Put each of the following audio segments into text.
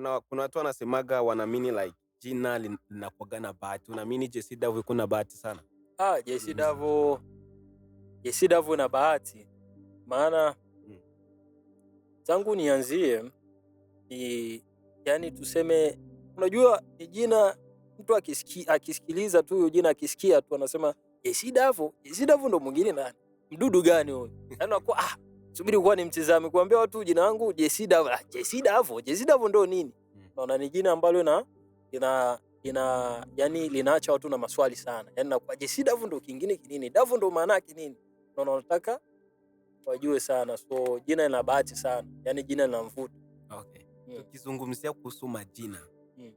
kuna, kuna watu wanasemaga wanaamini like jina linakuaga na bahati. Unaamini Jesse Davo yuko na bahati sana? Ah, Jesse mm-hmm. Davo Jesse Davo na bahati maana mm. tangu nianzie ni, yani tuseme, unajua ni jina mtu akisiki, akisikiliza tu jina akisikia tu anasema Jesse Davo, Jesse Davo ndo mwingine nani mdudu gani huyo? Yani anakuwa ah Subiri kwa ni mtizame kuambia watu jina langu Jesse Jesida. Ah, Jesse Davo, Jesse Davo ndo nini? Hmm. Naona ni jina ambalo na ina ina yani linaacha watu na maswali sana. Yaani na kwa Jesse Davo ndo kingine kinini? Davo ndo maana yake nini? Naona nataka wajue sana. So jina lina bahati sana. Yaani jina lina mvuto. Okay. Hmm. Tukizungumzia kuhusu majina. Hmm.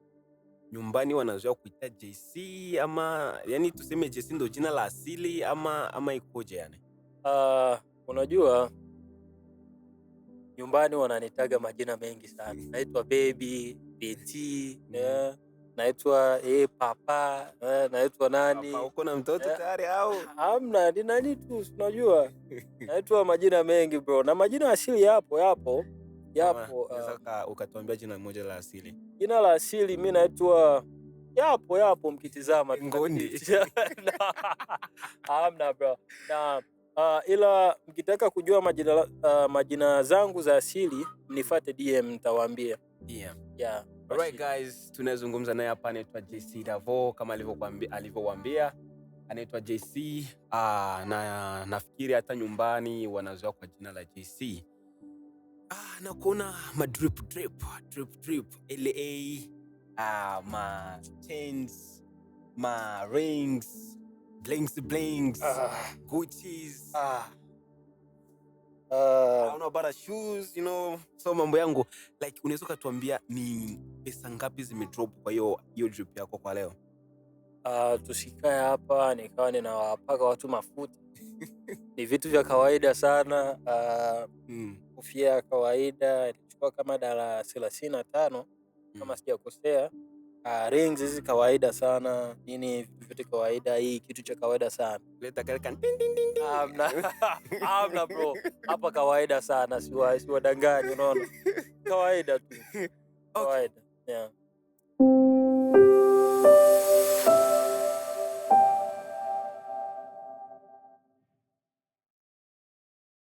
Nyumbani wanazoea kuita JC ama yani tuseme JC ndo jina la asili ama ama ikoje yani? Ah, uh, unajua Nyumbani wananitaga majina mengi sana, mm. naitwa bebi beti, mm. eh, naitwa eh, papa eh, naitwa nani papa, na mtoto tayari au Ni nani tu, unajua naitwa majina mengi bro, na majina asili yapo yapo yapo. Ah. ukatuambia jina moja la asili. Jina la asili mi naitwa yapo yapo, mkitizama bro Uh, ila mkitaka kujua majina, uh, majina zangu za asili mnifate DM nitawaambia. Yeah. Yeah. right, guys, tunazungumza naye hapa anaitwa JC Davo kama alivyowaambia anaitwa JC uh, ah, na nafikiri hata nyumbani wanazoea kwa jina la JC. Ah, na kuona ma drip drip drip drip LA ah, ma chains ma rings blings, blings, uh, ah. Gucci's. Uh, uh, I don't know about shoes, you know. So mambo yangu like unaweza ukatuambia ni pesa ngapi zimedrop kwa hiyo hiyo drip yako kwa leo? Uh, tusikaya hapa nikawa ninawapaka watu mafuta ni vitu vya kawaida sana uh, mm. Kofia ya kawaida ilichukua kama dala thelathini na tano kama mm. sijakosea Ah, rings hizi kawaida sana nini, vitu kawaida, hii kitu cha kawaida sana. bro, hapa kawaida sana, siwa siwadanganyi, unaona kawaida tu kawaida okay. yeah.